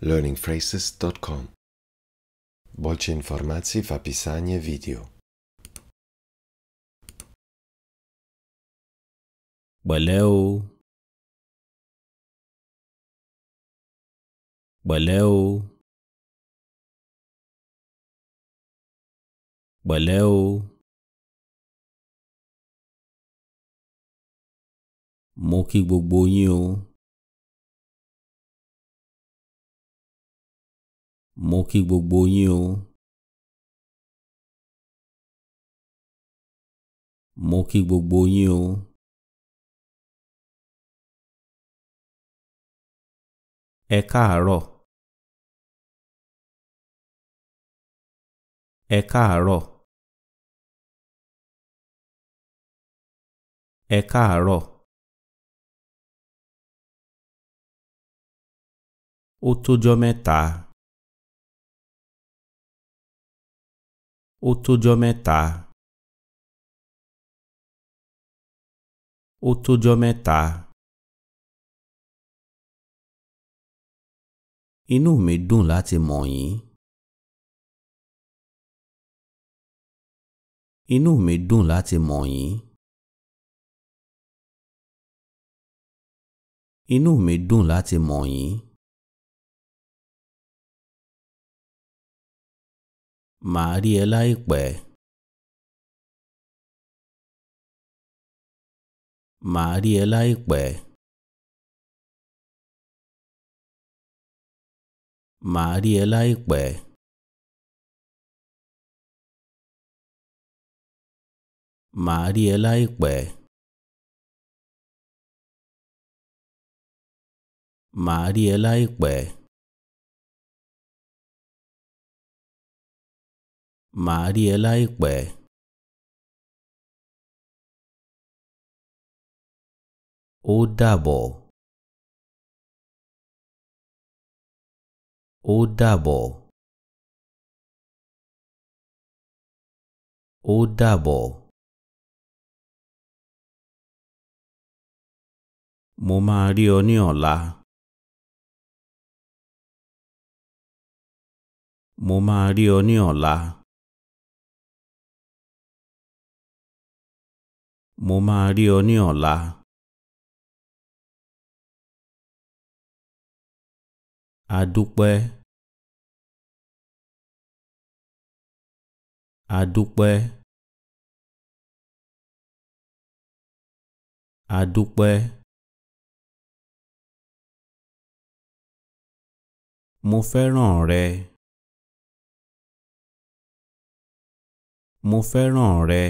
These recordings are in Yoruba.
learningphrases.com Boljše informacij v pisanje videov. Bolel Bolel Bolel Mo kí mo kí gbogbo yín o mo kí gbogbo yín o ẹ káàárọ̀ ẹ káàárọ̀ ẹ mẹ́ta. Ó tójọ́ mẹ́ta. Ó tójọ́ mẹ́ta. Inú mi dùn láti mọ̀ yín. Inú mi dùn láti mọ̀ yín. Inú mi dùn láti mọ̀ yín. Màá rí ẹ láìpẹ́. Màá rí ẹ láìpẹ́. Màá rí ẹ láìpẹ́. Màá rí ẹ láìpẹ́. Màá rí ẹ láìpẹ́. Màá rí ẹ láìpẹ́. Ó dàbọ̀. Ó dàbọ̀. Ó dàbọ̀. Mo máa rí ọ ní ọ̀la. Mo máa rí ọ ní ọ̀la. Mo máa rí ọ ní ọ̀la. A dúpẹ́. A dúpẹ́. A dúpẹ́. Mo fẹ́ràn rẹ. Mo fẹ́ràn rẹ.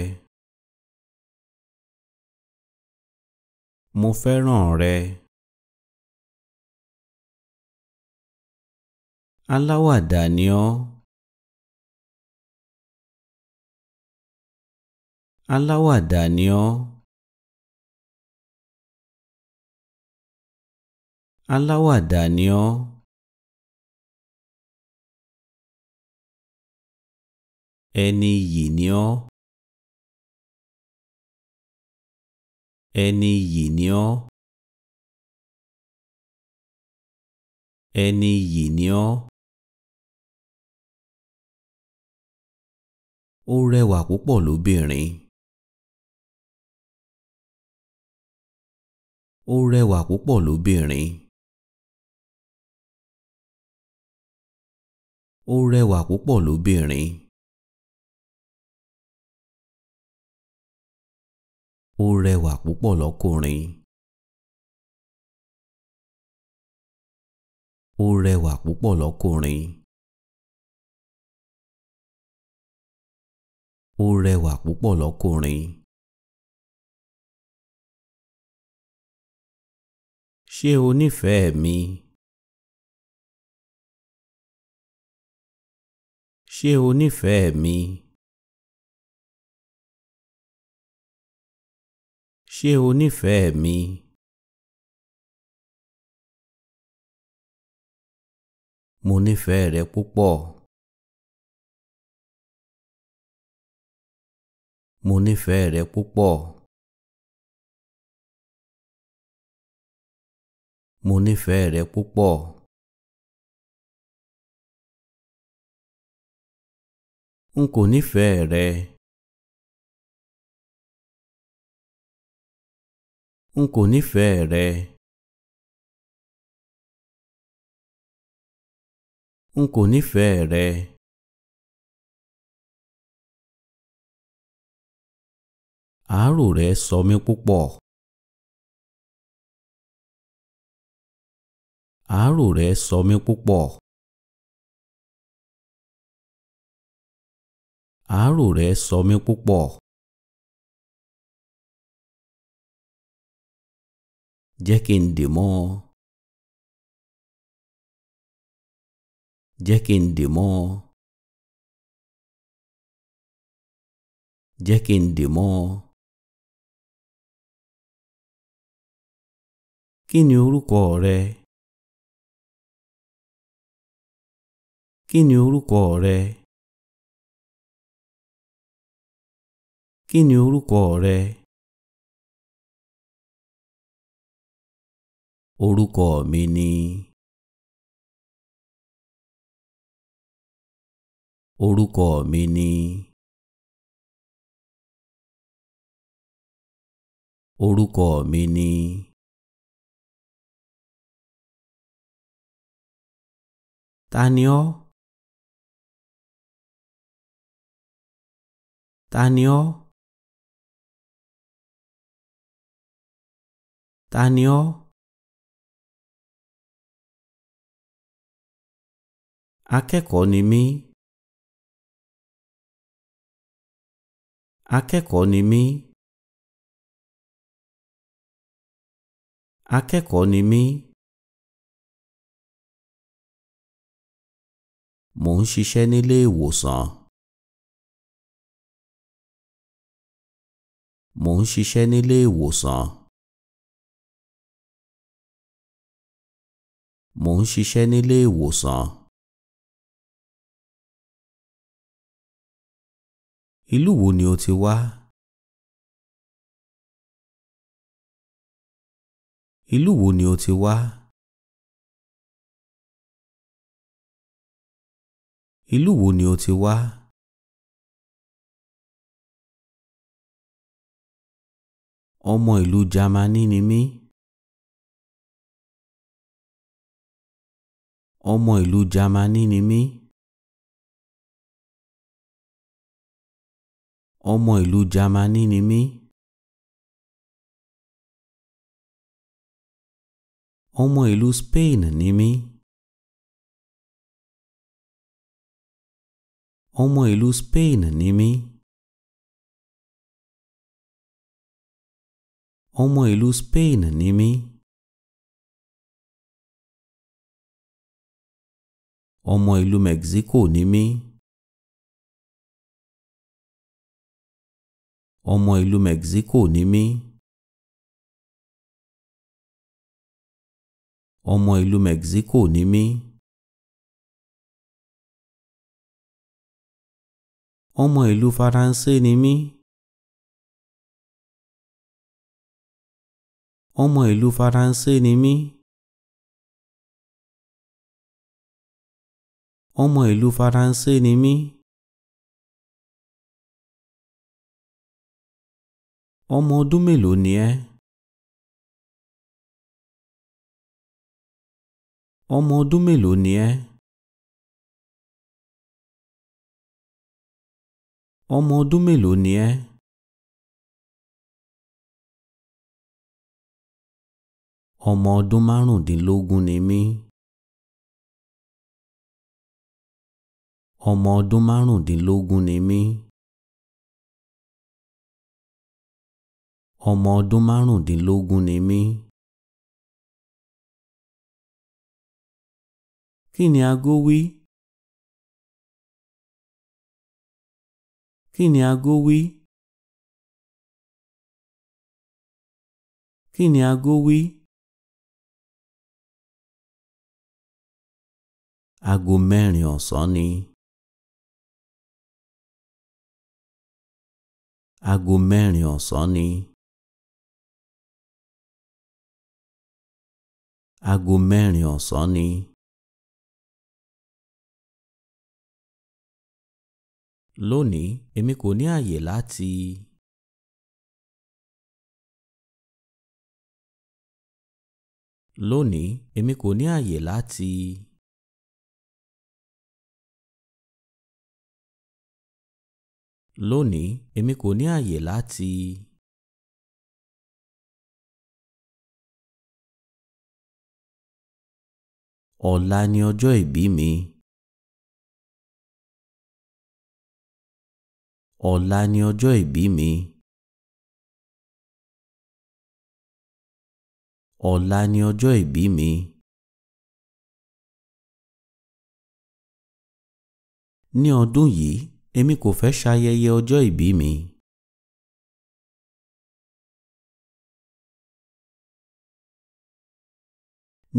Mo fẹ́ràn rẹ. Aláwàdà ni ọ́. Aláwàdà ni ọ́. Aláwàdà ni ọ́. Ẹni yìí ni ọ́. ẹni yì ni ọ́ ẹni yì ni ọ́ ó rẹwà púpọ̀ lóbìnrin ó rẹwà púpọ̀ lóbìnrin ó rẹwà púpọ̀ lóbìnrin. ó rẹwà púpọ̀ lọ́kùnrin. ó rẹwà púpọ̀ lọ́kùnrin. ó rẹwà púpọ̀ lọ́kùnrin. ṣé o nífẹ̀ẹ́ mi? ṣé o nífẹ̀ẹ́ mi? Ṣé o nífẹ̀ẹ́ mi? Mo nífẹ̀ẹ́ rẹ púpọ̀. Mo nífẹ̀ẹ́ rẹ púpọ̀. Mo nífẹ̀ẹ́ rẹ púpọ̀. N kò nífẹ̀ẹ́ rẹ. n kò nífẹ̀ẹ́ rẹ. n kò nífẹ̀ẹ́ rẹ. àárò rẹ sọ mí púpọ̀. àárò rẹ sọ mí púpọ̀. àárò rẹ sọ mí púpọ̀. jẹ́ demo, n demo, mọ́ demo. Kini kí n dè mọ́ ọ jẹ́ kí n orúkọ rẹ? kí orúkọ rẹ? kí orúkọ rẹ? Orúkọ mi ni orúkọ mi ni orúkọ mi ni ta ni ọ́ ta Akẹ́kọ̀ọ́ ni mí. Akẹ́kọ̀ọ́ ni mí. Akẹ́kọ̀ọ́ ni mí. Mò ń ṣiṣẹ́ nílé ìwòsàn. Mò ń ṣiṣẹ́ nílé ìwòsàn. Mò ń ṣiṣẹ́ nílé ìwòsàn. Ìlú wo ni o ti wá? Ìlú wo ni o ti wá? Ìlú wo ni o ti wá? Ọmọ ìlú Jámánì ni mí. Ọmọ ìlú Jámánì ni mí. Ọmọ ìlú Germany, ni mí. Ọmọ ìlú Spain ni mí. Ọmọ ìlú Spain ni mí. Ọmọ ìlú Spain ni mí. Ọmọ ìlú Mexico ni mí. ọmọ ìlú Mexico ni mí. ọmọ ìlú Mexico ni mí. ọmọ ìlú Faransé ni mí. ọmọ ìlú Faransé ni mí. ọmọ ìlú Faransé ni mí. ọmọ ọdún mélòó ni ẹ́? ọmọ ọdún mélòó ni ẹ́? ọmọ ọdún mélòó ni ẹ́? ọmọ ọdún márùndínlógún ni mí. ọmọ ọdún márùndínlógún ni mí. ọmọ ọdún márùndínlógún ni mí. Kí ni aago wí? Kí ni aago wí? Kí ni aago wí? Aago mẹ́rin ọ̀sán ni. Aago mẹ́rin ọ̀sán ni. aago mẹ́rin ọ̀sán ni. lónìí èmi kò ní àyè láti. lónìí èmi kò ní àyè láti. lónìí èmi kò ní àyè láti. Ọ̀la ni ọjọ́ ìbí mi. Ọ̀la ni ọjọ́ ìbí mi. Ọ̀la ni ọjọ́ ìbí mi. Ní ọdún yìí, èmi kò fẹ́ ṣayẹyẹ ọjọ́ ìbí mi.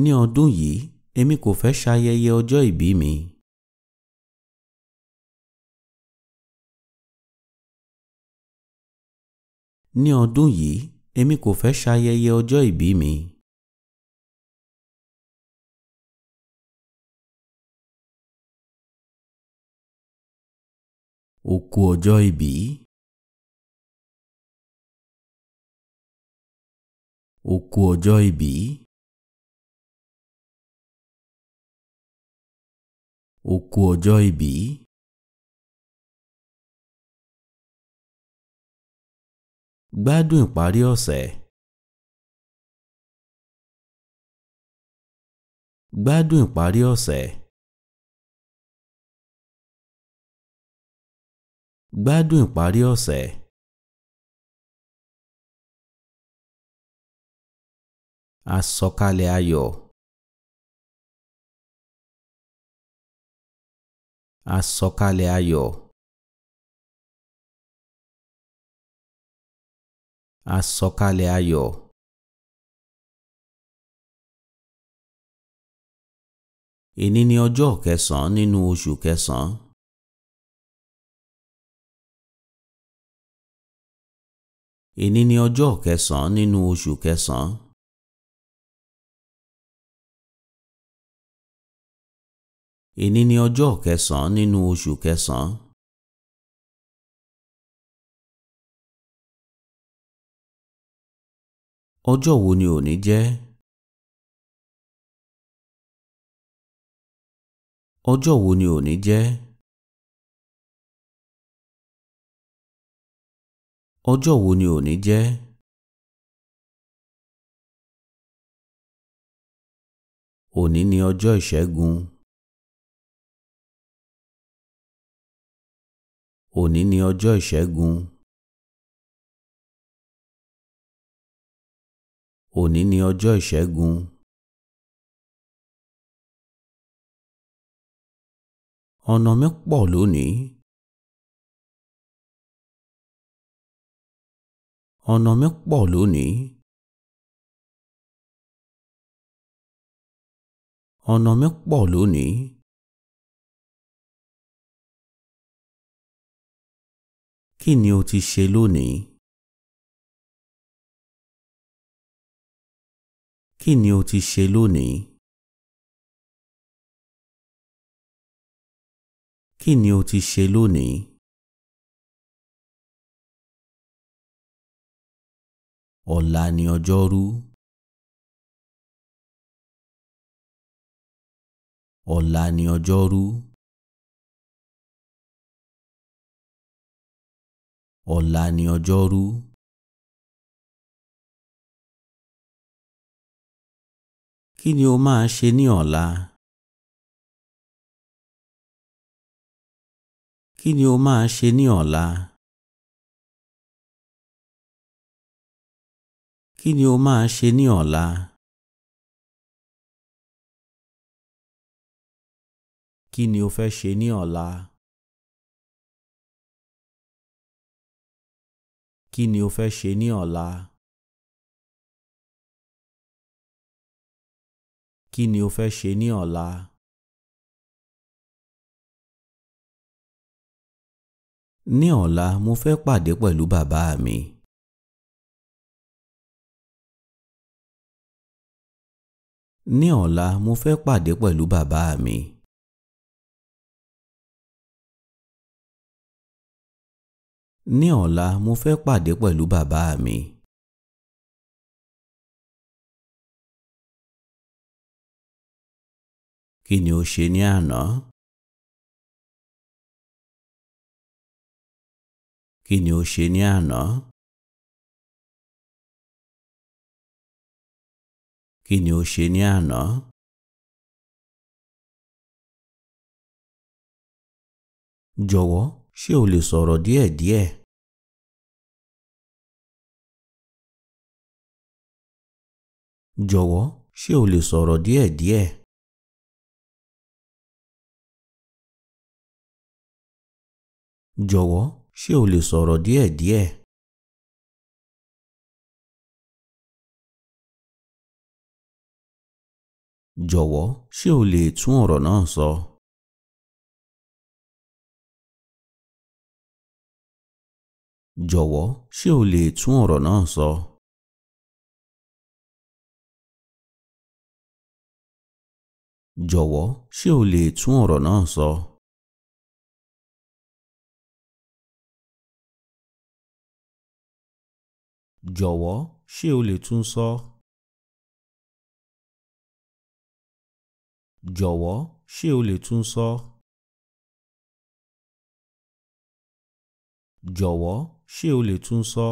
Ní ọdún yìí, èmi kò fẹ́ ṣayẹyẹ ọjọ́ ìbí mi. Ní ọdún yìí, èmi kò fẹ́ ṣayẹyẹ ọjọ́ ìbí mi. Ó ọjọ́ ìbí. Ó ọjọ́ ìbí. ó kú ọjọ́ ìbí. gbádùn ìparí ọ̀sẹ̀. gbádùn ìparí ọ̀sẹ̀. gbádùn ìparí ọ̀sẹ̀. àsọ̀kalẹ̀ ayọ̀. àsọ̀kalẹ̀ ayọ̀ àsọ̀kalẹ̀ ayọ̀ èní ni ọjọ́ kẹsàn-án nínú oṣù kẹsàn-án èní ni ọjọ́ kẹsàn-án nínú oṣù kẹsàn-án. Èní ni ọjọ́ kẹsàn-án nínú oṣù kẹsàn-án. Ọjọ́ wo ni òní jẹ́? Ọjọ́ wo ni òní jẹ́? Ọjọ́ wo ni òní jẹ́? Òní ni ọjọ́ ìṣẹ́gun. Òní ni ọjọ́ ìṣẹ́gun. Òní ni ọjọ́ ìṣẹ́gun. Ọ̀nà mi pọ̀ lónìí. Ọ̀nà mi pọ̀ lónìí. Ọ̀nà mi pọ̀ lónìí. Kí ni o ti ṣe lónìí? Kí ni o ti ṣe lónìí? Kí ni o ti ṣe lónìí? Ọ̀la ni ọjọ́rú. Ọ̀la ni ọjọ́rú. Ọ̀la ni ọjọ́rú. Kí ni o máa ṣe ní ọ̀la? Kí ni o máa ṣe ní ọ̀la? Kí ni o máa ṣe ní ọ̀la? Kí ni o fẹ́ ṣe ní ọ̀la? Kí ni o fẹ́ ṣe ní ọ̀la? Kí ni o fẹ́ ṣe ní ọ̀la? Ní ọ̀la mo fẹ́ pàdé pẹ̀lú bàbá mi. Ní ọ̀la mo fẹ́ pàdé pẹ̀lú bàbá mi. Ní ọ̀la mo fẹ́ pàdé pẹ̀lú bàbá mi. Kí ni o ṣe ní àná? Kí ni o ṣe ní àná? Kí ni o ṣe ní àná? Jọ̀wọ́ ṣé o lè sọ̀rọ̀ díẹ̀díẹ̀? jọ̀wọ́ ṣé o lè sọ̀rọ̀ díẹ̀díẹ̀? jọ̀wọ́ ṣé o lè sọ̀rọ̀ díẹ̀díẹ̀? jọ̀wọ́ ṣé o lè tún ọ̀rọ̀ náà sọ? So? jọ̀wọ́ ṣé o lè tún ọ̀rọ̀ náà sọ? jọ̀wọ́ ṣé o lè tún ọ̀rọ̀ náà sọ? jọ̀wọ́ ṣé o lè tún sọ? jọ̀wọ́ ṣé o lè tún sọ? jọ̀wọ́ ṣé o lè tún sọ?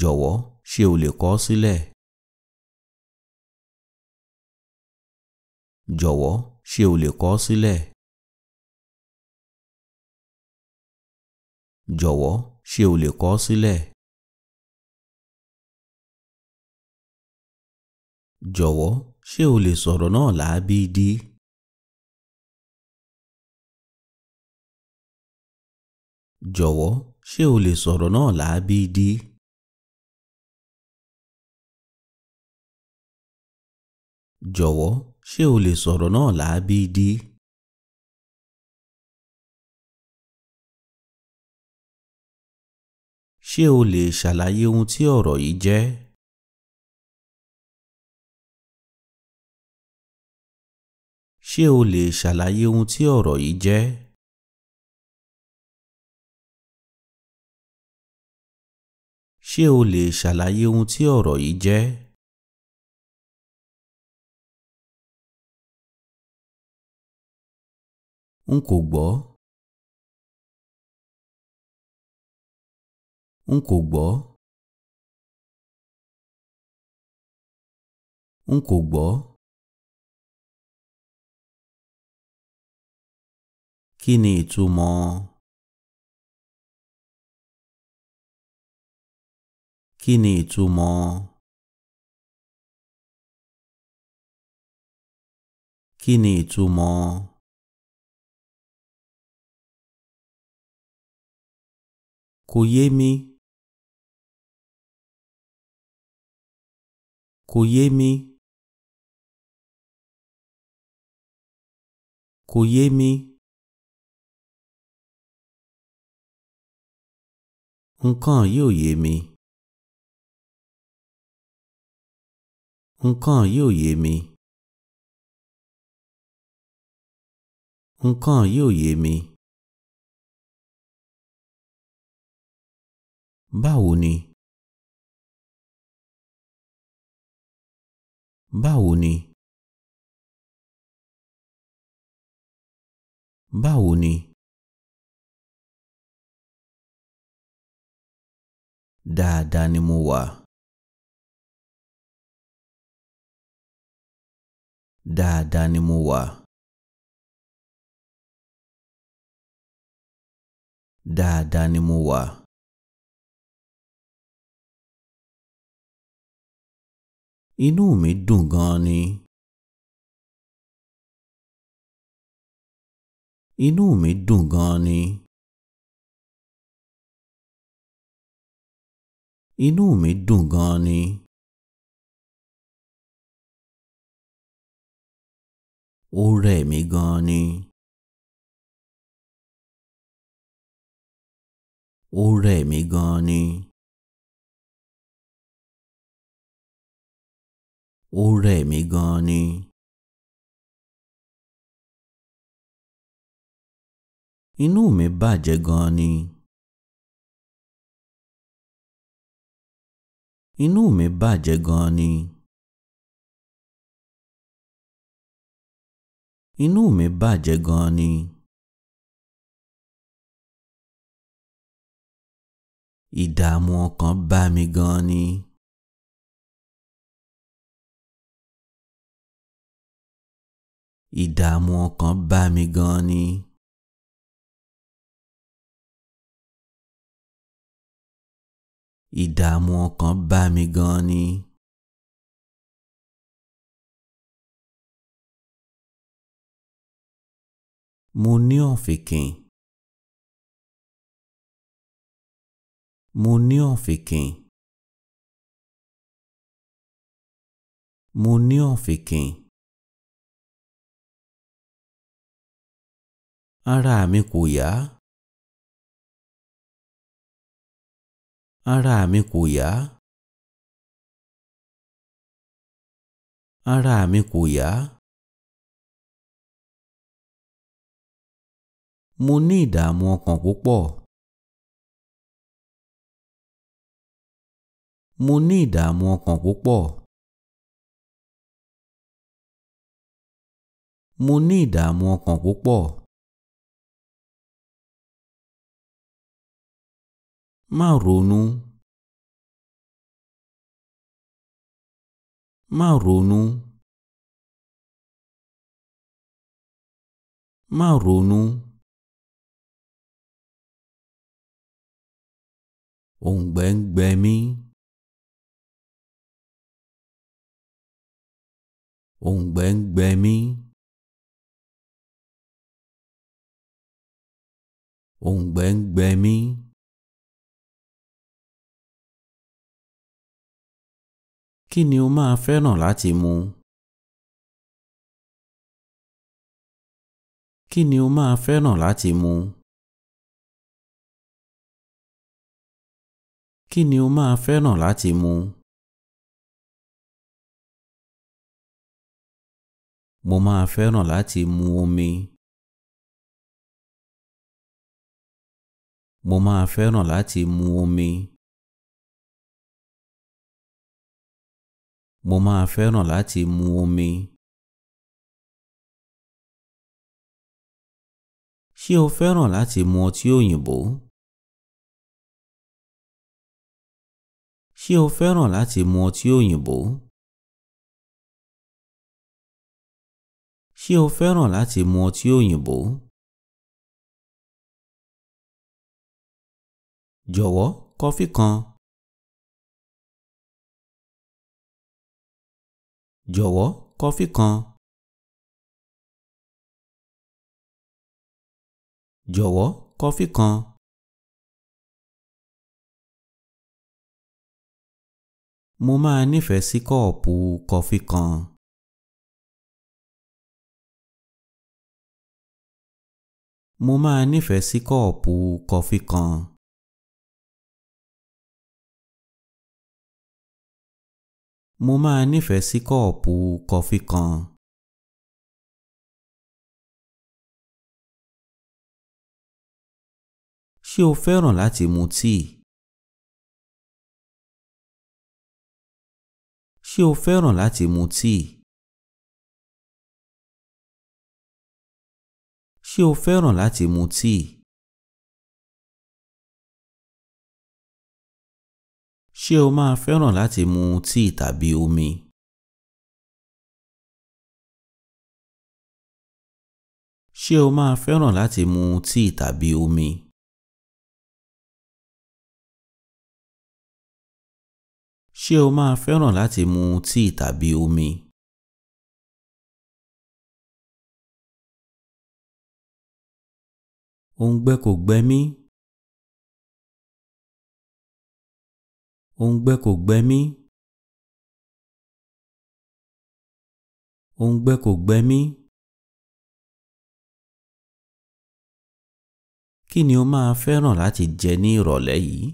jọ̀wọ́ ṣé o lè kọ ọ́ sílẹ̀? jọ̀wọ́ ṣé o lè kọ ọ́ sílẹ̀? jọ̀wọ́ ṣé o lè kọ sílẹ̀? jọ̀wọ́ ṣé o lè sọ̀rọ̀ náà láàbí dí? jọ̀wọ́ ṣé o lè sọ̀rọ̀ náà láábídí? jọ̀wọ́ ṣé o lè sọ̀rọ̀ náà láábídí? ṣé o lè ṣàlàyé ohun tí ọ̀rọ̀ yìí jẹ́? ṣé o lè ṣàlàyé ohun tí ọ̀rọ̀ yìí jẹ́? ṣé o lè ṣàlàyé ohun tí ọ̀rọ̀ yìí jẹ́? N kò gbọ́. N kò gbọ́. N kò gbọ́. Kí ni ìtumọ̀? kí ni ìtumọ̀ kí ni ìtumọ̀ kò yé mi kò yé mi kò yé mi nǹkan yóò yé mi. nǹkan yìí ò yé mi. nǹkan yìí ò yé mi. báwo ni. báwo ni. báwo ni. dáadáa ni mo wà. dáadáa ni mo wà. dáadáa ni mo wà. inú mi dùn gan-an ni. inú mi dùn gan-an ni. inú mi dùn gan-an ni. ó rẹ̀ mí gan ni. ó rẹ̀ mí gan ni. ó rẹ̀ mí gan ni. inú mi bàjẹ́ gan ni. inú mi bàjẹ́ gan ni. inú mi bàjẹ́ gan ni. Ìdààmú ọkàn bá mi gan ni. Ìdààmú ọkàn bá mi gan ni. Ìdààmú ọkàn bá mi gan ni. Mo ní ọ̀fìnkìn. Mo ní ọ̀fìnkìn. Mo ní ọ̀fìnkìn. Ara mi kò yá. Ara mi kò yá. Ara mi kò yá. mo ní ìdààmú ọkàn púpọ̀. mo ní ìdààmú ọkàn púpọ̀. mo ní ìdààmú ọkàn púpọ̀. má ronú. má ronú. má ronú. òǹgbẹ ń gbẹ mí òǹgbẹ ń gbẹ mí òǹgbẹ ń gbẹ mí. kí ni o máa fẹ́ràn láti mu? kí ni o máa fẹ́ràn láti mu? Kí ni o máa fẹ́ràn láti mu? Mo máa fẹ́ràn láti mu omi. Mo máa fẹ́ràn láti mu omi. Mo máa fẹ́ràn láti mu omi. Ṣé o fẹ́ràn láti mu ọtí òyìnbó? Ṣé o fẹ́ràn láti mu ọtí òyìnbó? Ṣé o fẹ́ràn láti mu ọtí òyìnbó? Jọ̀wọ́ kọfí kan. Jọ̀wọ́ kọfí kan. Jọ̀wọ́ kọfí kan. mo máa nífẹ̀ẹ́ sí kọ́ọ̀pù kọfí kan mo máa nífẹ̀ẹ́ sí kọ́ọ̀pù kọfí kan mo máa nífẹ̀ẹ́ sí kọ́ọ̀pù kọfí kan ṣé o fẹ́ràn láti mu tíì Ṣé o fẹ́ràn láti mu tíì? Ṣé o fẹ́ràn láti mu tíì? Ṣé o máa fẹ́ràn láti mu tíì tàbí omi? Ṣé o máa fẹ́ràn láti mu tíì tàbí omi? Ṣé o máa fẹ́ràn láti mu tíì tàbí omi? Òǹgbẹ kò gbẹ mí. Òǹgbẹ kò gbẹ mí. Òǹgbẹ kò gbẹ mí. Kí ni o máa fẹ́ràn láti jẹ ní ìrọ̀lẹ́ yìí?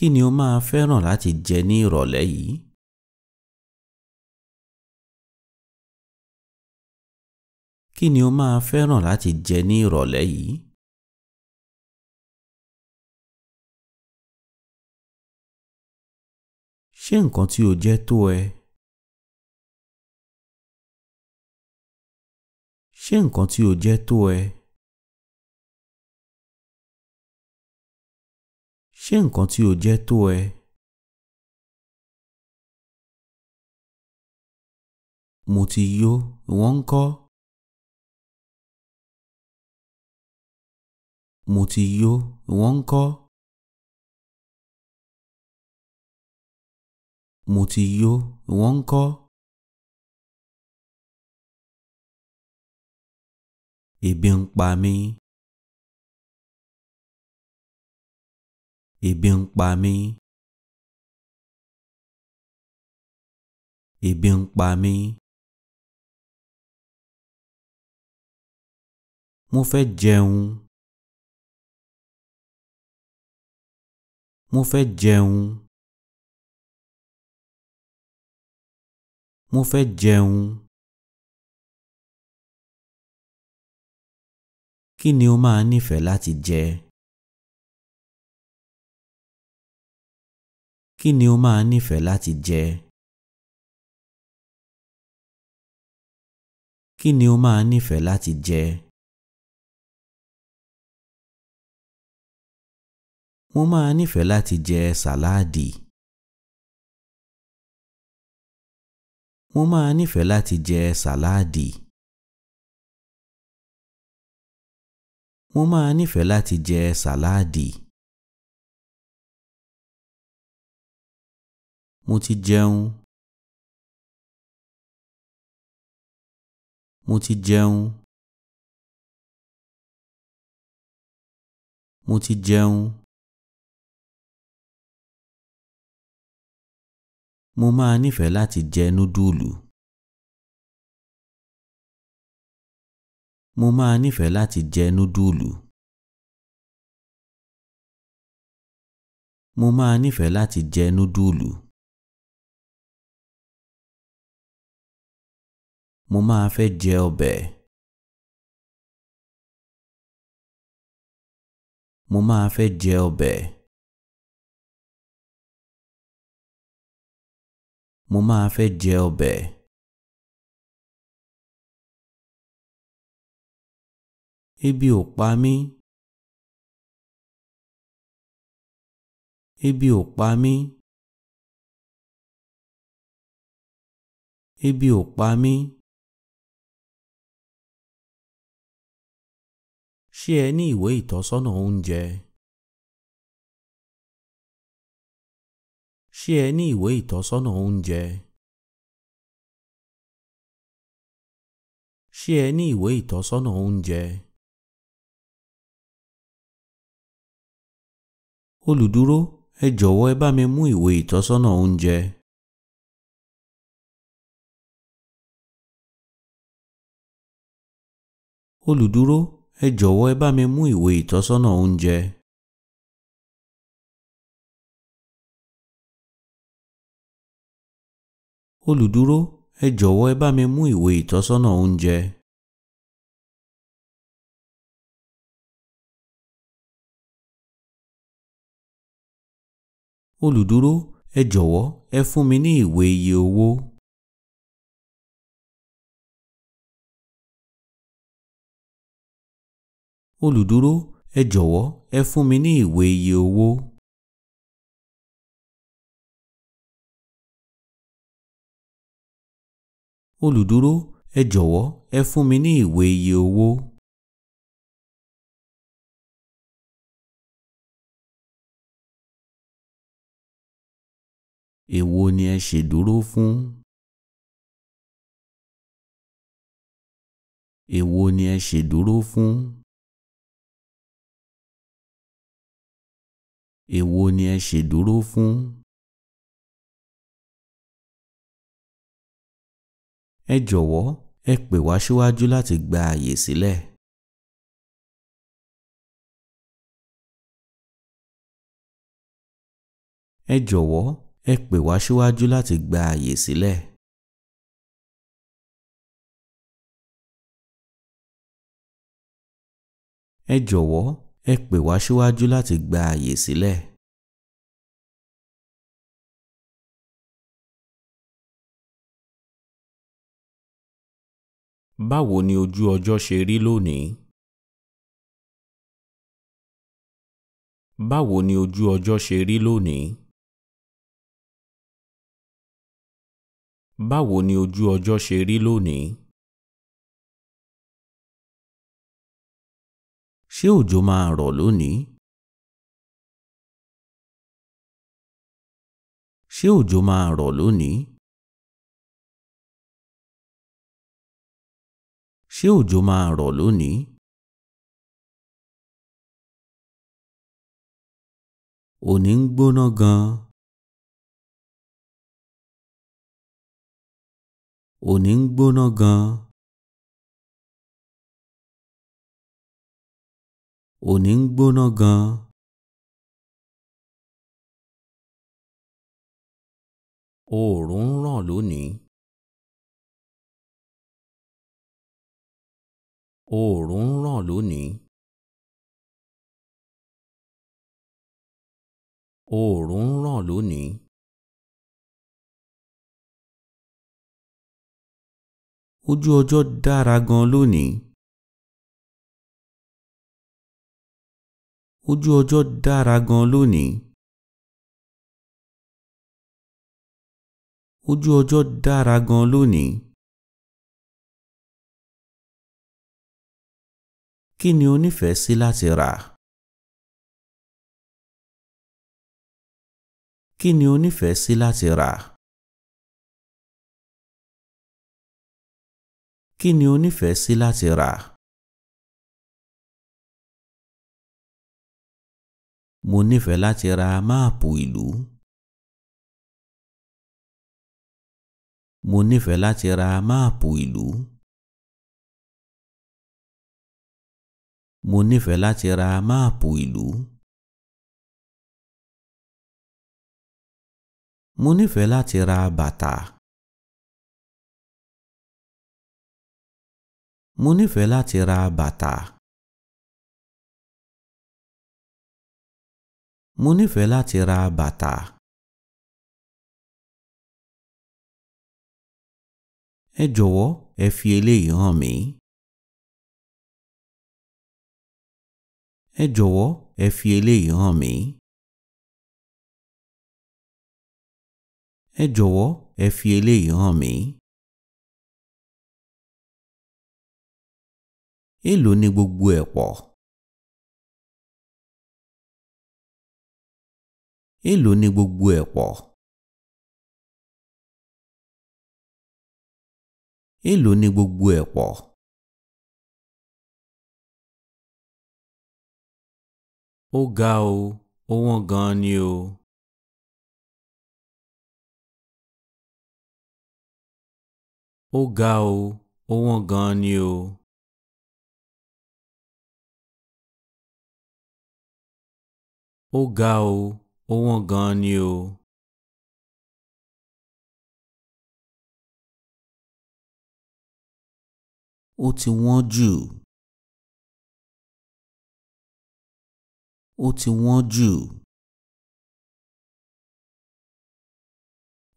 Kí ni o máa fẹ́ràn láti jẹ ní ìrọ̀lẹ́ yìí? Kí ni o máa fẹ́ràn láti jẹ ní ìrọ̀lẹ́ yìí? Ṣé nǹkan tí o jẹ tó ẹ? Ṣé nǹkan tí o jẹ tó ẹ? ṣé nǹkan tí o jẹ́ tó ẹ? mo ti yó ìwọ ńkọ́? mo ti yó ìwọ ńkọ́? mo ti yó ìwọ ńkọ́? ebi ń pa mí. Ebi ń pa mí. Ebi ń pa mí. Mo fẹ́ jẹun. Mo fẹ́ jẹun. Mo fẹ́ jẹun. Kí ni o máa nífẹ̀ẹ́ láti jẹ? Kí ni o máa nífẹ̀ẹ́ láti jẹ? Kí ni o máa nífẹ̀ẹ́ láti jẹ? Mo máa nífẹ̀ẹ́ láti jẹ sàláàdì. Mo máa nífẹ̀ẹ́ láti jẹ sàláàdì. Mo máa nífẹ̀ẹ́ láti jẹ sàláàdì. mo ti jẹun mo ti jẹun mo ti jẹun mo máa nífẹ̀ẹ́ láti jẹ núdùlù mo máa nífẹ̀ẹ́ láti jẹ núdùlù mo máa nífẹ̀ẹ́ láti jẹ núdùlù. Mo máa fẹ́ jẹ ọbẹ̀. Mo máa fẹ́ jẹ ọbẹ̀. Mo máa fẹ́ jẹ ọbẹ̀. Ebi ò pa mí. Ebi ò pa mí. Ebi ò pa mí. Ṣé ẹ ní ìwé ìtọ́sọ́nà oúnjẹ? Ṣé ẹ ní ìwé ìtọ́sọ́nà oúnjẹ? Ṣé ẹ ní ìwé ìtọ́sọ́nà oúnjẹ? Olùdúró, ẹ jọ̀wọ́ ẹ bá mi mú ìwé ìtọ́sọ́nà oúnjẹ. Olùdúró ẹ jọ̀wọ́ ẹ bá mi mú ìwé ìtọ́sọ́nà oúnjẹ. Olùdúró ẹ jọ̀wọ́ ẹ bá mi mú ìwé ìtọ́sọ́nà oúnjẹ. Olùdúró ẹ jọ̀wọ́ ẹ fún mi ní ìwé iye owó. olùdúró ẹ jọ̀wọ́ ẹ fún mi ní ìwé iye owó. olùdúró ẹ jọ̀wọ́ ẹ fún mi ní ìwé iye owó. èwo ni ẹ ṣèdúró fún? èwo ni ẹ ṣèdúró fún? èwo ni ẹ ṣèdúró fún? ẹ jọ̀wọ́ ẹ pè wá síwájú láti gba àyè sílẹ̀. ẹ jọ̀wọ́ ẹ pè wá síwájú láti gba àyè sílẹ̀. ẹ jọ̀wọ́ ẹ pè wá síwájú láti gba àyè sílẹ̀ báwo ni ojú ọjọ́ ṣe rí lónìí? báwo ni ojú ọjọ́ ṣe rí lónìí? báwo ni ojú ọjọ́ ṣe rí lónìí? Ṣé òjò máa rọ̀ lónìí? Ṣé òjò máa rọ̀ lónìí? Ṣé òjò máa rọ̀ lónìí? Òní ń gbóná gan. Òní ń gbóná gan. òní ń gbóná gan-an. Oòrùn ń ràn lónìí. Oòrùn ń ràn lónìí. Oòrùn ń ràn lónìí. Ojú ọjọ́ dára gan lónìí. Ojú ọjọ́ dára gan lónìí. Ojú ọjọ́ dára gan lónìí. Kí ni o nífẹ̀ẹ́ sí láti rà? Kí ni o nífẹ̀ẹ́ sí láti rà? Kí ni o nífẹ̀ẹ́ sí láti rà? mo nífẹ̀ẹ́ láti ra máàpù ìlú. mo nífẹ̀ẹ́ láti ra máàpù ìlú. mo nífẹ̀ẹ́ láti ra máàpù ìlú. mo nífẹ̀ẹ́ láti ra bàtà. mo nífẹ̀ẹ́ láti ra bàtà. Mo nífẹ̀ẹ́ láti ra bàtà. Ẹ jọ̀wọ́ ẹ fi eléyìí hàn mí. Ẹ jọ̀wọ́ ẹ fi eléyìí hàn mí. Ẹ jọ̀wọ́ ẹ fi eléyìí hàn mí. Èló ni gbogbo ẹ̀ pọ̀? èló ni gbogbo ẹ̀ pọ̀? èló ni gbogbo ẹ̀ pọ̀? ó ga o ó wọ́n gan-an ni o. ó ga o ó wọ́n gan ni o. ó ga o Ó wọ́n gan-an ni o. Ó ti wọ́n jù. Ó ti wọ́n jù.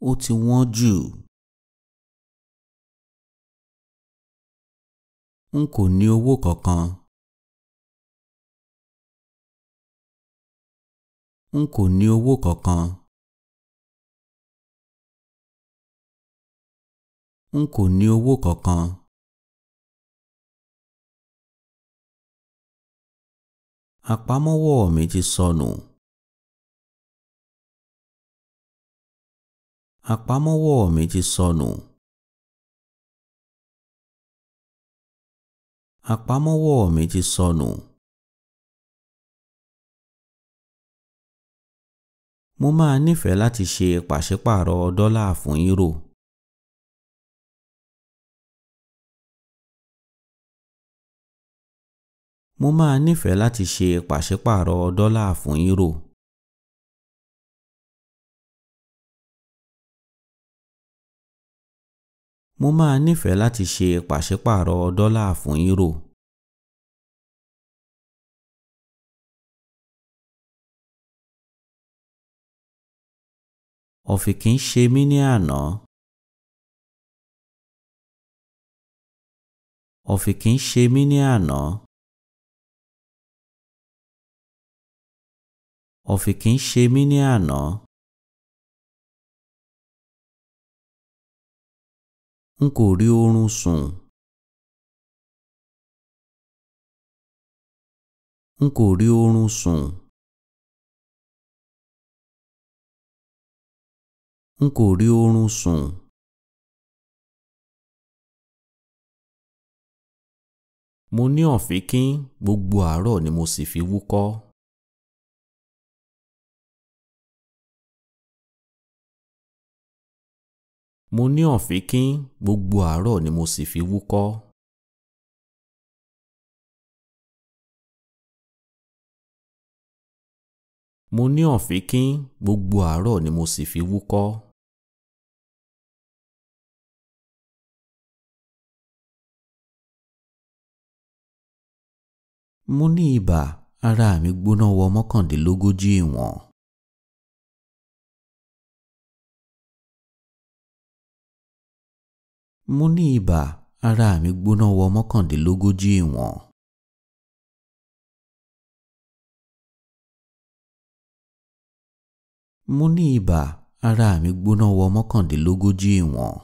Ó ti wọ́n jù. N kò ní owó kankan. n kò ní owó kankan. n kò ní owó kankan. àpamọ́wọ́ mi ti sọnù. àpamọ́wọ́ mi ti sọnù. àpamọ́wọ́ mi ti sọnù. mo máa nífẹ̀ẹ́ láti ṣe pàṣípààrọ̀ dọ́là fún euro mo máa nífẹ̀ẹ́ láti ṣe pàṣípààrọ̀ dọ́là fún euro mo máa nífẹ̀ẹ́ láti ṣe pàṣípààrọ̀ dọ́là fún euro ọ̀fìnkì ń ṣe mí ní àná. ọ̀fìnkì ń ṣe mí ní àná. ọ̀fìnkì ń ṣe mí ní àná. n kò rí oorun sùn. n kò rí oorun sùn. n kò rí oorun sùn. mo ní ọ̀fínkín gbogbo àárọ̀ ni mo sì fi wúkọ́. mo ní ọ̀fínkín gbogbo àárọ̀ ni mo sì fi wúkọ́. mo ní ọ̀fínkín gbogbo àárọ̀ ni mo sì fi wúkọ́. mo ní ibà ara mi gbóná wọ mọ́kàndínlógójì ìwọ̀n mo ní ibà ara mi gbóná wọ mọ́kàndínlógójì ìwọ̀n mo ní ibà ara mi gbóná wọ mọ́kàndínlógójì ìwọ̀n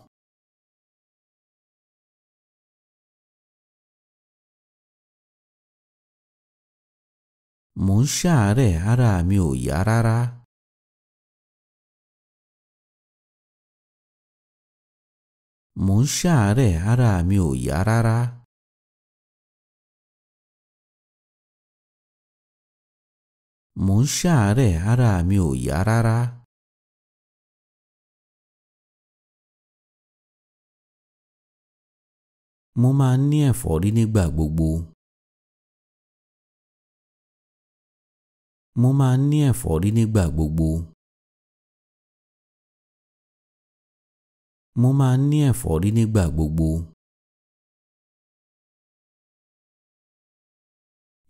mò ń ṣàárẹ̀ ara mi ò yá rárá. mò ń ṣàárẹ̀ ara mi ò yá rárá. mò ń ṣàárẹ̀ ara mi ò yá rárá. mo máa ń ní ẹ̀fọ́rí nígbà gbogbo. mo máa ń ní ẹ̀fọ́rí nígbà gbogbo. mo máa ń ní ẹ̀fọ́rí nígbà gbogbo.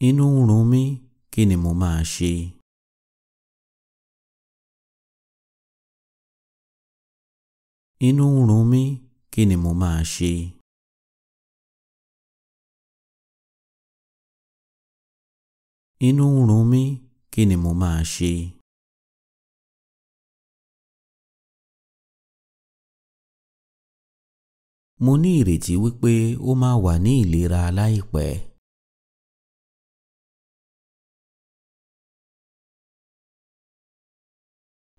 inú ń run mí kí ni mo máa ṣe? inú ń run mí kí ni mo máa ṣe? inú ń run mí kí ni mo máa ṣe mo ní ìrètí wípé ó máa wà ní ìlera láìpẹ́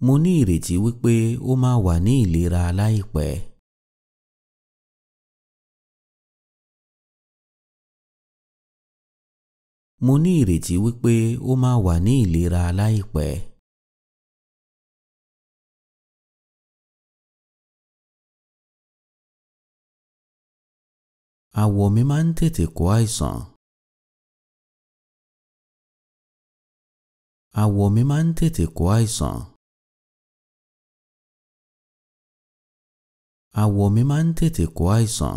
mo ní ìrètí wípé ó máa wà ní ìlera láìpẹ́ mo ní ìrètí wípé ó máa wà ní ìlera láìpẹ́ àwọ̀ mi máa ń tètè kó àìsàn àwọ̀ mi máa ń tètè kó àìsàn àwọ̀ mi máa ń tètè kó àìsàn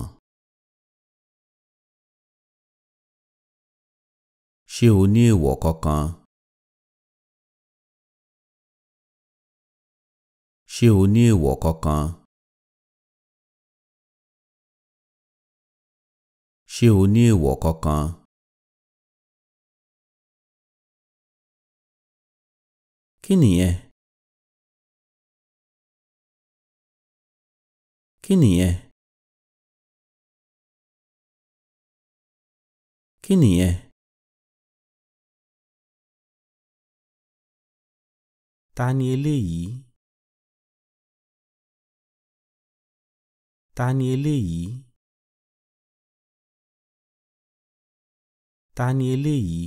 Ṣé o ní èèwọ̀ kankan? Ṣé o ní èèwọ̀ kankan? Ṣé o ní èèwọ̀ kankan? Kí nìyẹn? Kí nìyẹn? Kí nìyẹn? Ta ni eléyìí? Ta ni eléyìí? Ta ni eléyìí?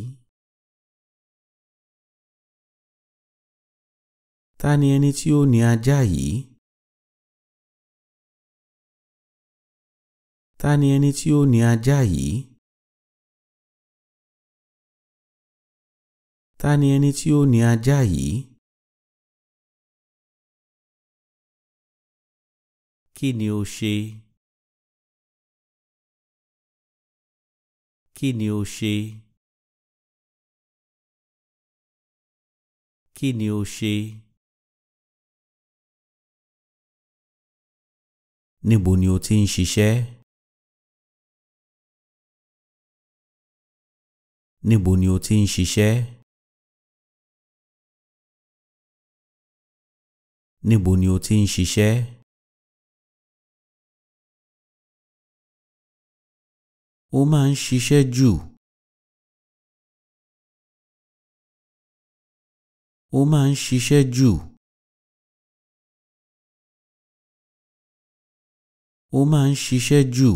Ta ni ẹni tí ó ní ajá yìí? Ta ni ẹni tí ó ní ajá yìí? Ta ni ẹni tí ó ní ajá yìí? Kí ni o ṣe? Kí ni o ṣe? Kí ni o ṣe? Níbo ni o ti ń ṣiṣẹ́? Níbo ni o ti ń ṣiṣẹ́? Níbo ni o ti ń ṣiṣẹ́? ó máa ń ṣiṣẹ́ jù ó máa ń ṣiṣẹ́ jù ó máa ń ṣiṣẹ́ jù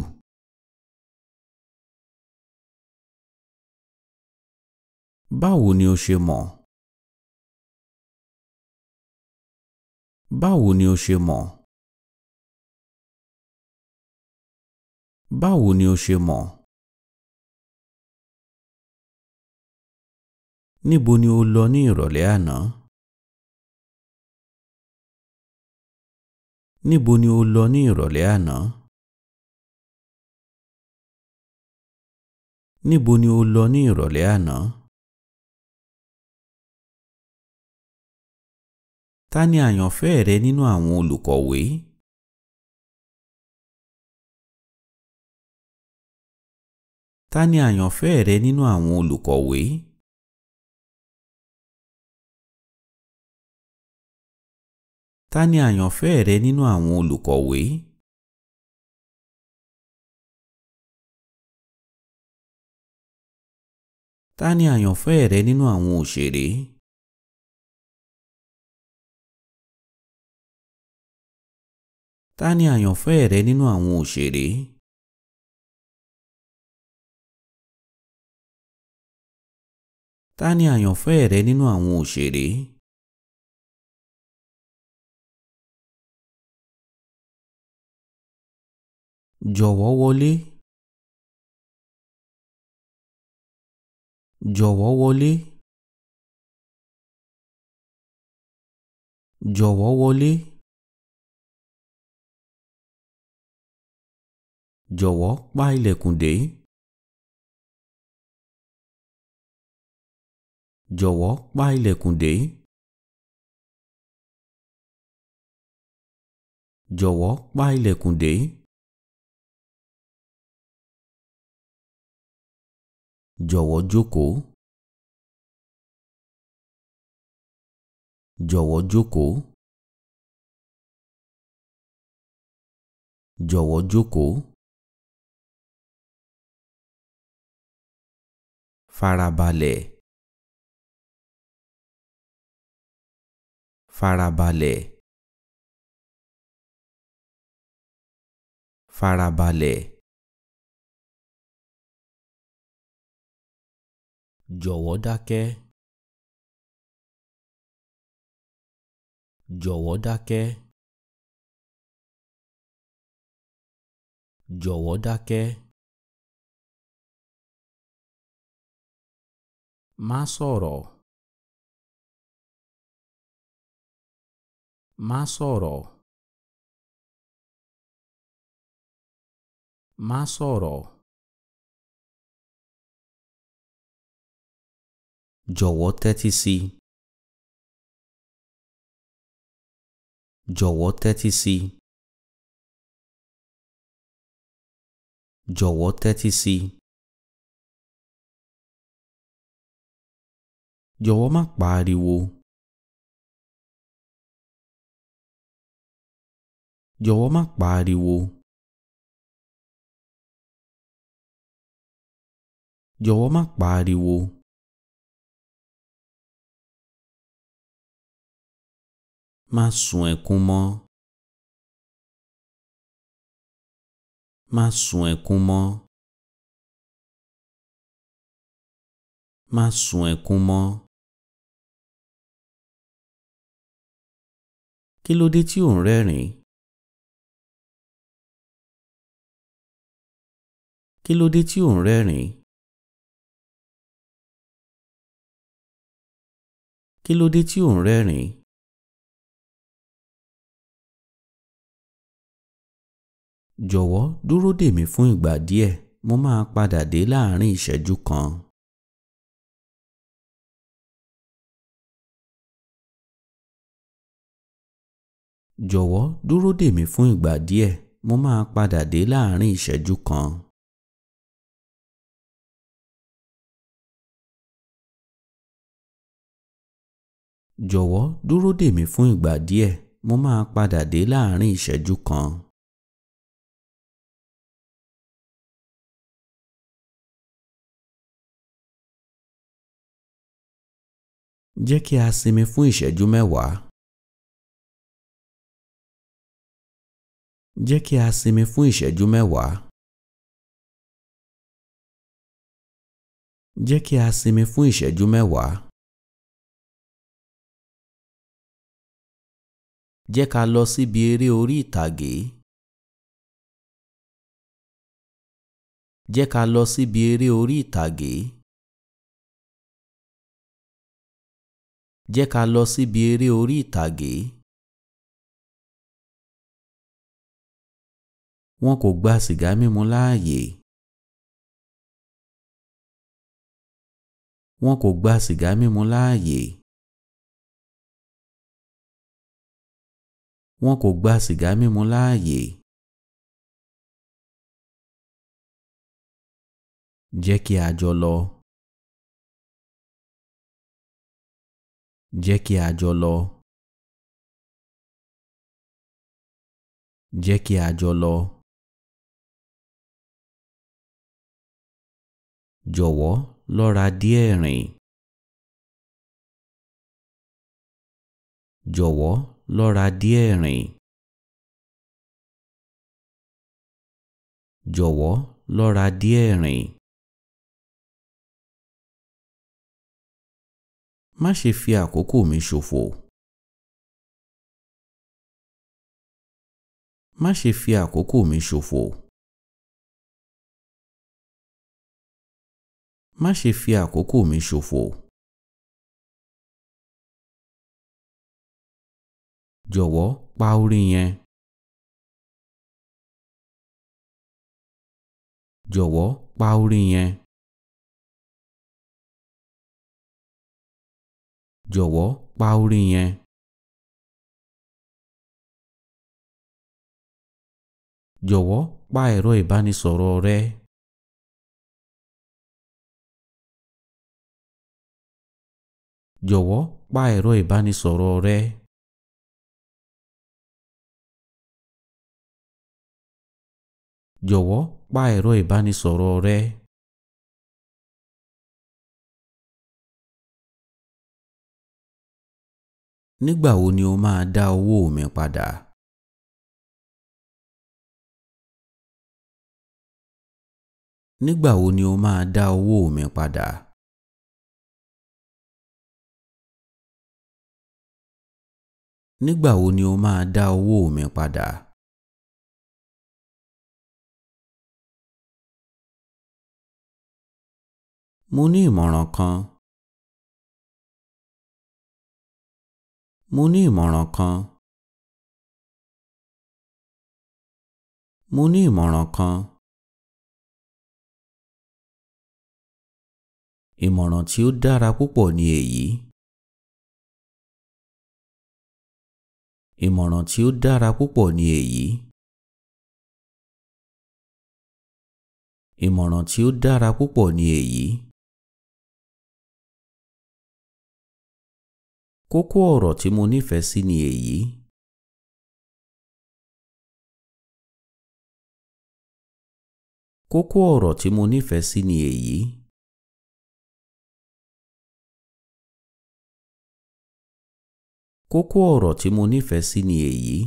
báwo ni o ṣe mọ̀ báwo ni o ṣe mọ̀ báwo ni o ṣe mọ̀ Níbo ni o lọ ní ìrọ̀lẹ́ àná? Níbo ni o lọ ní ìrọ̀lẹ́ àná? Níbo ni o lọ ní ìrọ̀lẹ́ àná? Ta ni àyànfẹ́ rẹ nínú àwọn olùkọ̀wé? Ta ni àyànfẹ́ rẹ nínú àwọn olùkọ̀wé? Ta ni àyànfẹ́ rẹ nínú àwọn olùkọ̀wé? Ta ni àyànfẹ́ rẹ nínú àwọn òṣèré? Ta ni àyànfẹ́ rẹ nínú àwọn òṣèré? Ta ni àyànfẹ́ rẹ nínú àwọn òṣèré? jọ̀wọ́ wọlé jọ̀wọ́ wọlé jọ̀wọ́ wọlé jọ̀wọ́ pa ilẹ̀kùn dé jọ̀wọ́ pa ilẹ̀kùn dé jọ̀wọ́ pa ilẹ̀kùn dé. Jọ̀wọ́ jókòó. Jọ̀wọ́ jókòó. Jọ̀wọ́ jókòó. Farabalẹ̀. Farabalẹ̀. Farabalẹ̀. jọ̀wọ́ dákẹ́ jọ̀wọ́ dákẹ́ jọ̀wọ́ dákẹ́ má sọ̀rọ̀ má sọ̀rọ̀ má sọ̀rọ̀. jọ̀wọ́ tẹ́tí sí i. jọ̀wọ́ tẹ́tí sí i. jọ̀wọ́ tẹ́tí sí jọ̀wọ́ má pariwo. jọ̀wọ́ má pariwo. jọ̀wọ́ má pariwo. Má sun ẹkún mọ́. Má sun ẹkún mọ́. Má sun ẹkún mọ́. Kí ló dé tí ò ń rẹ́rìn? Kí ló dé tí ò ń rẹ́rìn? Kí ló dé tí ò ń rẹ́rìn? jọ̀wọ́ dúró dè mí fún ìgbà díẹ̀ mo máa padà dé láàrin ìṣẹ́jú kan. jọ̀wọ́ dúró dè mí fún ìgbà díẹ̀ mo máa padà dé láàrin ìṣẹ́jú kan. jọ̀wọ́ dúró dè mí fún ìgbà díẹ̀ mo máa padà dé láàrin ìṣẹ́jú kan. jẹ́ kí a sinmi fún ìṣẹ́jú mẹ́wàá. jẹ́ kí a sinmi fún ìṣẹ́jú mẹ́wàá. jẹ́ kí a sinmi fún ìṣẹ́jú mẹ́wàá. jẹ́ ká lọ síbi eré orí ìtàgé. jẹ́ ká lọ síbi eré orí ìtàgé. jẹ́ ká lọ síbi eré orí ìtàgé. Wọn kò gba sìgá mímu láàyè. Wọn kò gba sìgá mímu láàyè. Wọn kò gba sìgá mímu láàyè. Jẹ́ kí a jọ lọ. jẹ́ kí a jọ lọ. jẹ́ kí a jọ lọ. jọ̀wọ́ lọ ra díẹ̀ rìn. jọ̀wọ́ lọ ra díẹ̀ rìn. jọ̀wọ́ lọ ra díẹ̀ rìn. má ṣe fi àkókò mi ṣòfò. má ṣe fi àkókò mi ṣòfò. má ṣe fi àkókò mi ṣòfò. jọ̀wọ́ pa orin yẹn. jọ̀wọ́ pa orin yẹn. jọ̀wọ́ pa orin yẹn. jọ̀wọ́ pa ẹ̀rọ ìbánisọ̀rọ̀ rẹ. jọ̀wọ́ pa ẹ̀rọ ìbánisọ̀rọ̀ rẹ. jọ̀wọ́ pa ẹ̀rọ ìbánisọ̀rọ̀ rẹ. Nígbà wo ni o máa dá owó mi padà? Nígbà wo ni o máa dá owó mi padà? Nígbà wo ni o máa dá owó mi padà? Mo ní ìmọ̀ràn kan. mo ní ìmọ̀ràn kan mo ní ìmọ̀ràn kan ìmọ̀ràn tí ó dára púpọ̀ ni èyí ìmọ̀ràn tí ó dára púpọ̀ ni èyí ìmọ̀ràn tí ó dára púpọ̀ ni èyí. kókó ọ̀rọ̀ tí mo nífẹ̀ẹ́ sí ni èyí. kókó ọ̀rọ̀ tí mo nífẹ̀ẹ́ sí ni èyí. kókó ọ̀rọ̀ tí mo nífẹ̀ẹ́ sí ni èyí.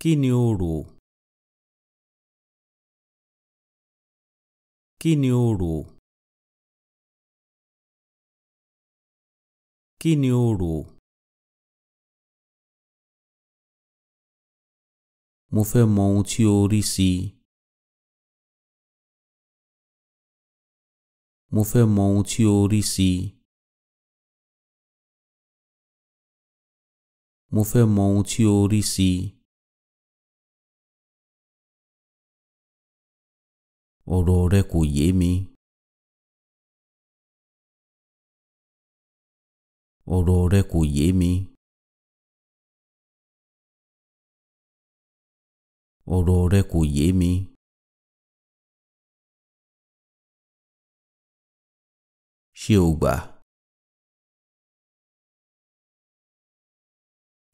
kí ni o rò? Kí ni o rò? Kí ni o rò? Mo fẹ́ mọ ohun tí o rí sí Mo fẹ́ mọ ohun tí o rí sí Mo fẹ́ mọ ohun tí o rí sí ọ̀rọ̀ rẹ kò yé mi. ọ̀rọ̀ rẹ kò yé mi. ọ̀rọ̀ rẹ kò yé mi. ṣé o gbà?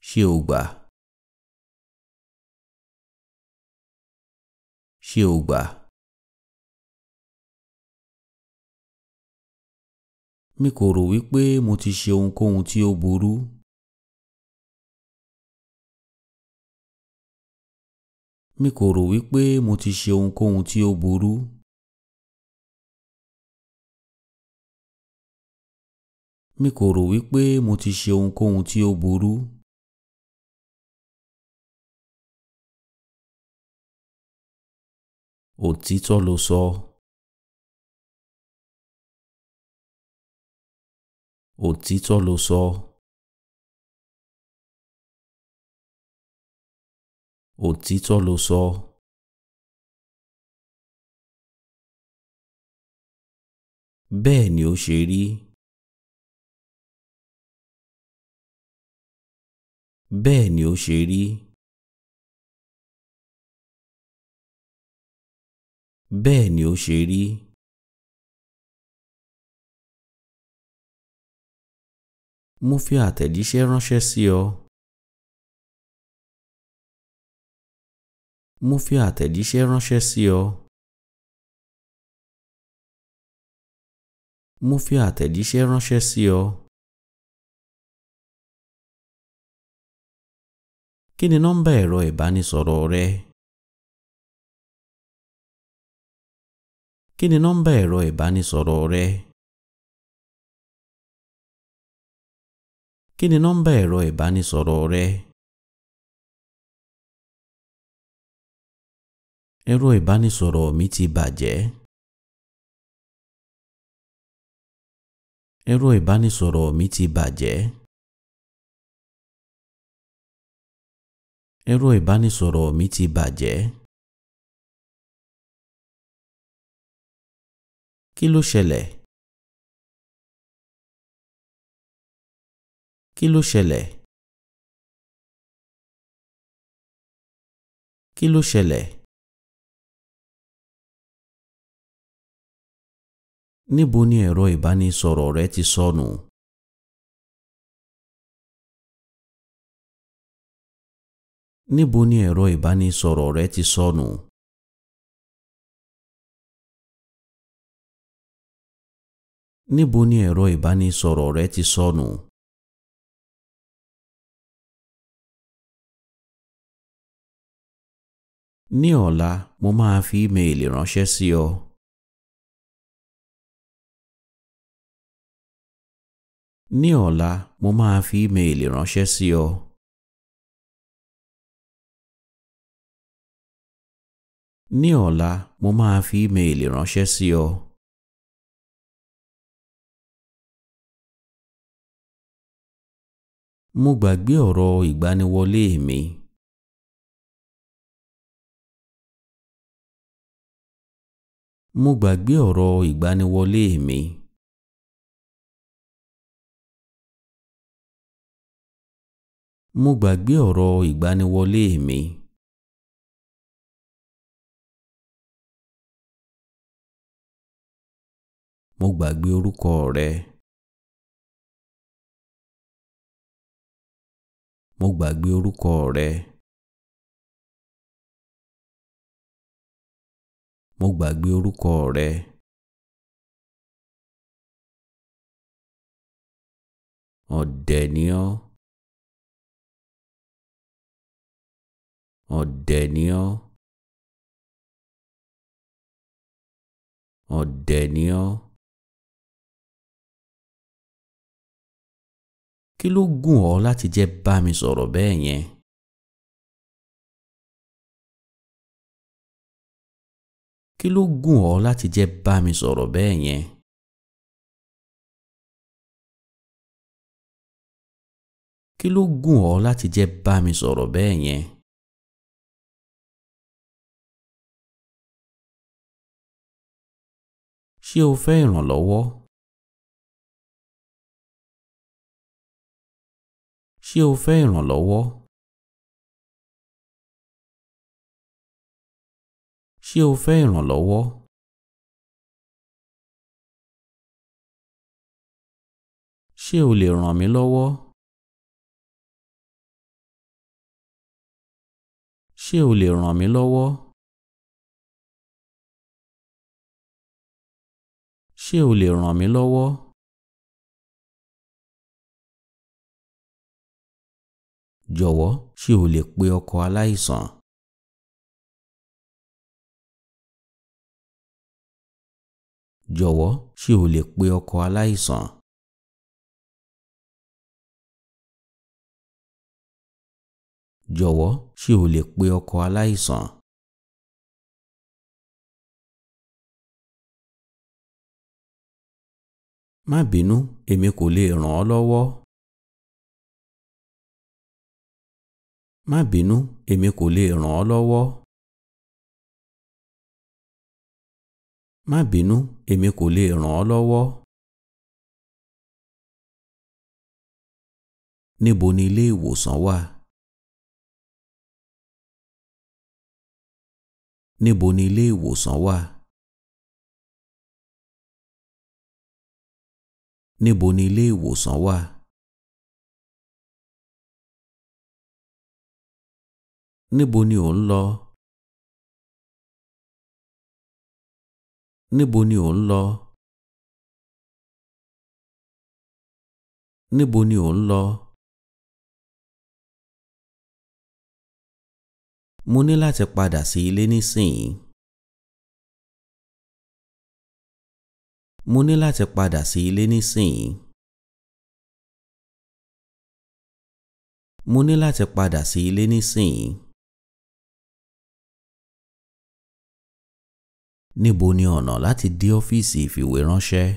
ṣé o gbà? ṣé o gbà? mi kò rò wípé mo ti ṣe ohunkóhun tí ó burú mi kò rò wípé mo ti ṣe ohunkóhun tí ó burú. mi kò rò wípé mo ti ṣe ohunkóhun tí ó burú. òtítọ́ ló sọ. So. Òtítọ́ ló sọ. Òtítọ́ ló sọ. Bẹ́ẹ̀ ni ó ṣe rí. Bẹ́ẹ̀ ni ó ṣe rí. Bẹ́ẹ̀ ni ó ṣe rí. mo fi àtẹ̀jíṣẹ́ ránṣẹ́ sí ọ. mo fi àtẹ̀jíṣẹ́ ránṣẹ́ sí ọ. mo fi àtẹ̀jíṣẹ́ ránṣẹ́ sí ọ. kí ni nọ́mbà ẹ̀rọ ìbánisọ̀rọ̀ rẹ? kí ni nọ́mbà ẹ̀rọ ìbánisọ̀rọ̀ rẹ? kí ni nọ́mbà ẹ̀rọ ìbánisọ̀rọ̀ rẹ? ẹ̀rọ ìbánisọ̀rọ̀ mi ti bàjẹ́. ẹ̀rọ ìbánisọ̀rọ̀ mi ti bàjẹ́. ẹ̀rọ ìbánisọ̀rọ̀ mi ti bàjẹ́. kí ló ṣẹlẹ̀? kí ló ṣẹlẹ̀? kí ló ṣẹlẹ̀? níbo ni ẹ̀rọ ìbánisọ̀rọ̀ rẹ ti sọnù? níbo ni ẹ̀rọ ìbánisọ̀rọ̀ rẹ ti sọnù? níbo ni ẹ̀rọ ìbánisọ̀rọ̀ rẹ ti sọnù? Ní ọ̀la mo máa fi ímeèlì ránṣẹ́ sí ọ. Ní ọ̀la mo máa fi ímeèlì ránṣẹ́ sí ọ. Ní ọ̀la mo máa fi ímeèlì ránṣẹ́ sí ọ. Mo gbàgbé ọ̀rọ̀ ìgbaniwọlé mi. mo gbàgbé ọ̀rọ̀ ìgbaniwọlé mi. mo gbàgbé ọ̀rọ̀ ìgbaniwọlé mi. orúkọ rẹ. mo gbàgbé orúkọ rẹ. ọ̀dẹ̀ ni ọ́ ọ̀dẹ̀ ni ọ́ ọ̀dẹ̀ ni ọ́ kí ló gùn ọ́ láti jẹ́ bá mi sọ̀rọ̀ bẹ́ẹ̀ yẹn? kí ló gùn ọ́ láti jẹ́ bá mi sọ̀rọ̀ bẹ́ẹ̀ yẹn. kí ló gùn ọ́ láti jẹ́ bá mi sọ̀rọ̀ bẹ́ẹ̀ yẹn. ṣé o fẹ́ ìrànlọ́wọ́? ṣé o fẹ́ ìrànlọ́wọ́? Ṣé o fẹ́ ìrànlọ́wọ́? Ṣé o lè ràn mí lọ́wọ́? Ṣé o lè ràn mí lọ́wọ́? Ṣé o lè ràn mí lọ́wọ́? Jọ̀wọ́, ṣé o lè pe ọkọ̀ aláìsàn? jọ̀wọ́ ṣé o lè pe ọkọ̀ aláìsàn jọ̀wọ́ ṣé o lè pe ọkọ̀ aláìsàn má bínú èmi kò lè ràn ọ́ lọ́wọ́ má bínú èmi kò lè ràn ọ́ lọ́wọ́. má bínú èmi kò lè ràn ọ́ lọ́wọ́. níbo ni ilé ìwòsàn wà? níbo ni ilé ìwòsàn wà? níbo ni ilé ìwòsàn wà? níbo ni ò ń lọ? Níbo ni ò ń lọ? Níbo ni ò ń lọ? Mo ní láti padà sí ilé nísìnyí. Mo ní láti padà sí ilé nísìnyí. Mo ní láti padà sí ilé nísìnyí. Níbo ni ọ̀nà láti dé ọ́fíìsì ìfìwéránṣẹ́?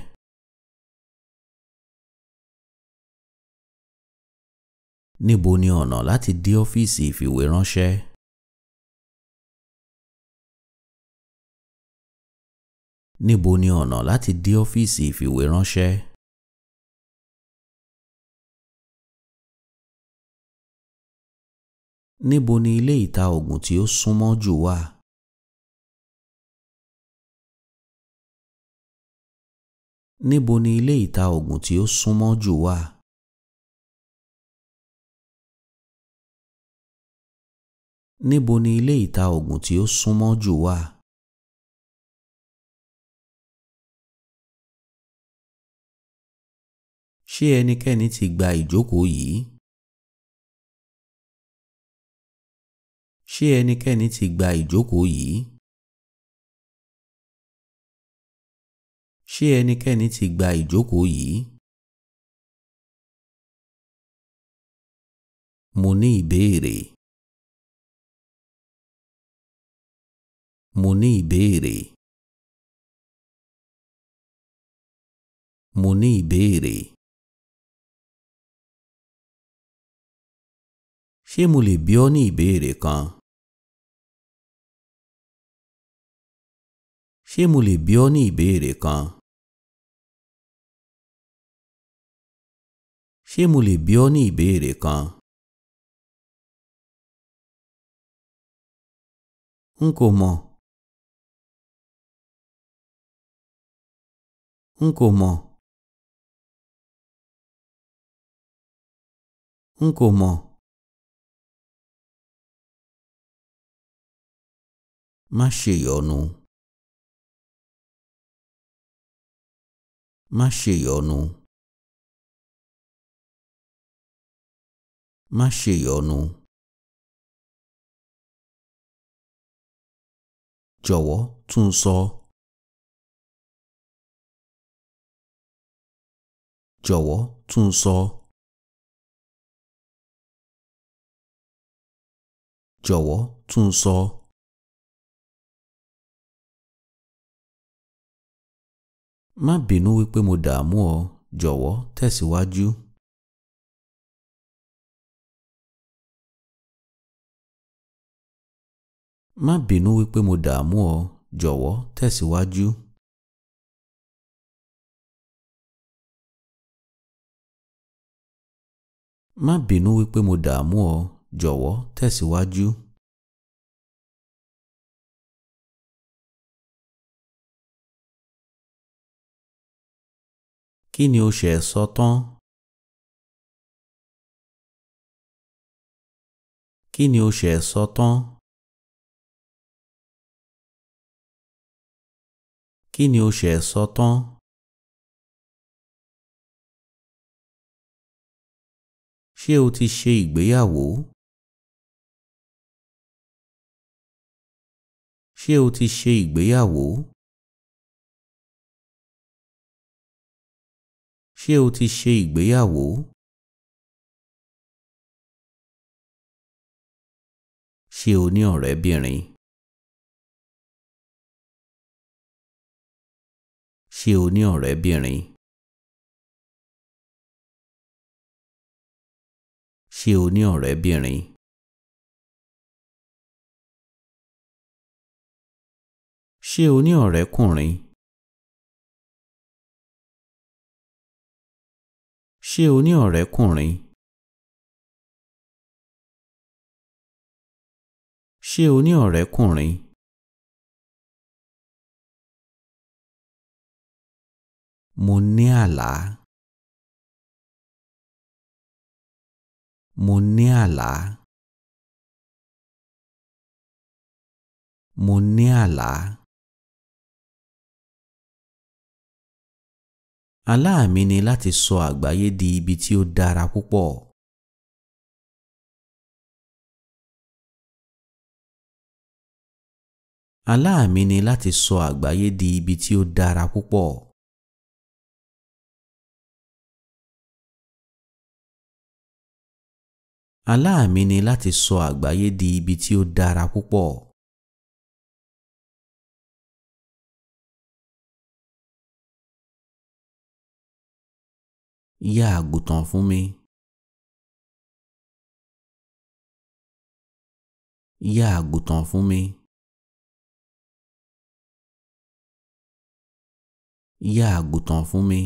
Níbo ni ọ̀nà láti dé ọ́fíìsì ìfìwéránṣẹ́? Níbo ni ọ̀nà láti dé ọ́fíìsì ìfìwéránṣẹ́? Níbo ni ilé ìta òògùn tí ó súnmọ́ jù wà? Níbo ni ilé ìta òògùn tí ó súnmọ́ jù wà? Níbo ni ilé ìta òògùn tí ó súnmọ́ jù wà? Ṣé ẹnikẹ́ni ti gba ìjókòó yìí? Ṣé ẹnikẹ́ni ti gba ìjókòó yìí? ṣé ẹnikẹ́ni ti gba ìjókòó yìí? Mo ní ìbéèrè. Mo ní ìbéèrè. Mo ní ìbéèrè. Ṣé mo lè bi ọ́ ní ìbéèrè kan? Ṣé mo lè bi ọ́ ní ìbéèrè kan? ṣé mo lè bí ọ ní ìbéèrè kan? n kò mọ. n kò mọ̀. n kò mọ̀. má ṣe yọnu. má ṣe yọnu. má ṣèyọnu. jọ̀wọ́ tún sọ. jọ̀wọ́ tún sọ. jọ̀wọ́ tún sọ. má bínú wípé mo dààmú ọ jọ̀wọ́ tẹ̀síwájú. má bínú wípé mo dààmú ọ jọ̀wọ́ tẹ̀síwájú. má bínú wípé mo dààmú ọ jọ̀wọ́ tẹ̀síwájú. kí ni o ṣe sọ tán? kí ni o ṣe sọ tán? Kí ni o ṣẹ̀ sọ tán? Ṣé o ti ṣe ìgbéyàwó? Ṣé o ti ṣe ìgbéyàwó? Ṣé o ti ṣe ìgbéyàwó? Ṣé o ní ọ̀rẹ́bìnrin? Ṣé o ní ọ̀rẹ́bìnrin? Ṣé o ní ọ̀rẹ́bìnrin? Ṣé o ní ọ̀rẹ́kùnrin? Ṣé o ní ọ̀rẹ́kùnrin? Ṣé o ní ọ̀rẹ́kùnrin? Mo ní àlá. Mo ní àlá. Mo ní àlá. Àlá mi ni láti sọ àgbáyé di ibi tí ó dára púpọ̀. Àlá mi ni láti sọ àgbáyé di ibi tí ó dára púpọ̀. aláàmì ni láti sọ àgbáyé di ibi tí ó dára púpọ̀. Yá àgùntàn fún mi. Yá àgùntàn fún mi. Yá àgùntàn fún mi.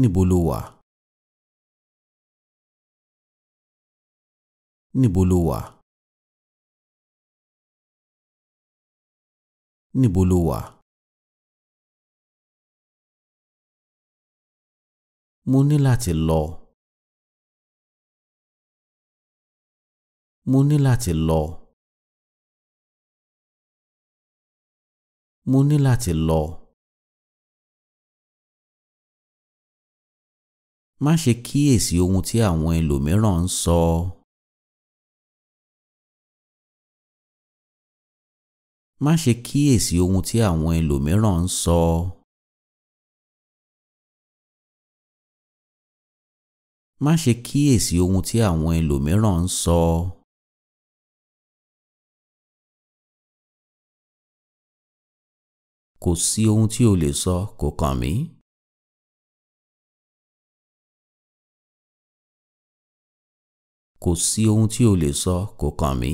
níbo lo wà? níbo lo wà? níbo lo wà? mo ní láti lọ. mo ní láti lọ. mo ní láti lọ. má ṣe kíyèsí ohun tí àwọn ẹlòmíràn ń sọ. má ṣe kíyèsí ohun tí àwọn ẹlòmíràn ń sọ. má ṣe kíyèsí ohun tí àwọn ẹlòmíràn ń sọ. kò sí ohun tí o lè sọ kò kàn mí. kò sí ohun tí o lè sọ kò kàn mí.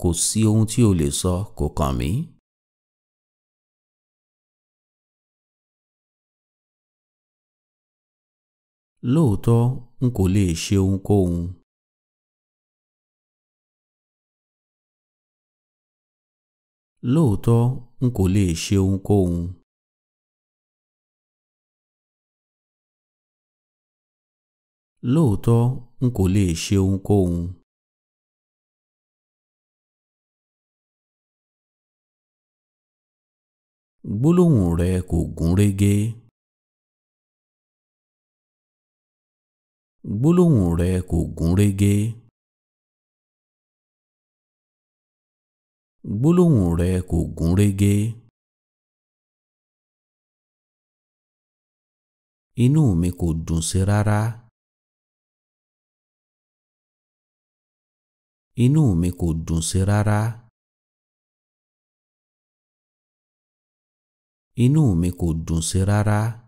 kò sí ohun tí o lè sọ kò kàn mí. lóòótọ́ n kò lè ṣe ohunkóhun. lóòótọ́ n kò lè ṣe ohunkóhun. lóòótọ́ n kò lè ṣe ohunkóhun gbólóhùn rẹ kò gún régé gbólóhùn rẹ kò gún régé gbólóhùn rẹ kò gún régé inú mi kò dùn sí rárá. inú mi kò dùn sí rárá. inú mi kò dùn sí rárá.